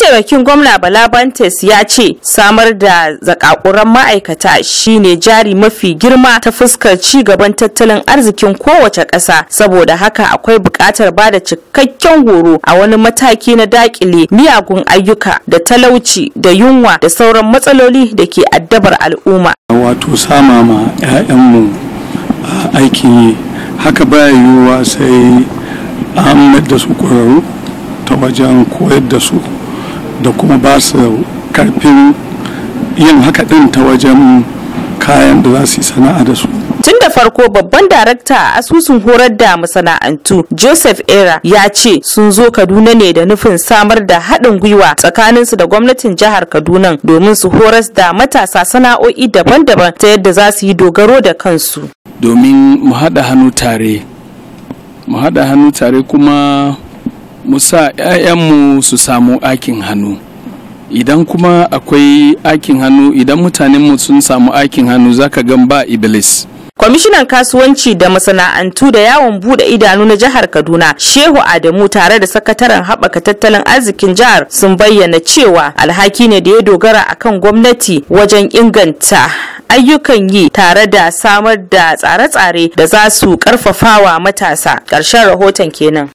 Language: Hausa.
mataimakin gwamna bala bantes ya ce samar da zakakuran ma'aikata shine jari mafi girma ta fuskar ci gaban tattalin arzikin kowace ƙasa saboda haka akwai buƙatar ba da cikakken horo a wani mataki na dakile miyagun ayyuka da talauci da yunwa da sauran matsaloli da ke addabar al'umma wato sama ma a aikin yi haka baya yiwuwa sai an da su ƙwararru ta wajen koyar da su da kuma ba su karfin yin haka ɗin ta wajen kayan da za su yi sana'a da su tun da farko babban darakta a asusun horar da masana'antu joseph era ya ce sun zo kaduna ne da nufin samar da haɗin gwiwa tsakaninsu da gwamnatin jihar kaduna domin su horas da matasa sana'o'i daban-daban ta yadda za su yi dogaro da kansu domin mu haɗa mu haɗa hannu tare kuma mu sa 'ya'yanmu su samu aikin hannu idan kuma akwai aikin hannu idan mutanenmu sun samu aikin hannu zaka gan ba iblis kwamishinan kasuwanci da masana'antu da yawon bude idanu na jihar kaduna shehu adamu tare da sakataren haɓaka tattalin arzikin jihar sun bayyana cewa alhaki ne da ya dogara a kan gwamnati wajen inganta ayyukan yi tare da samar da tsare-tsare da za su karfafawa matasa ƙarshen rahoton kenan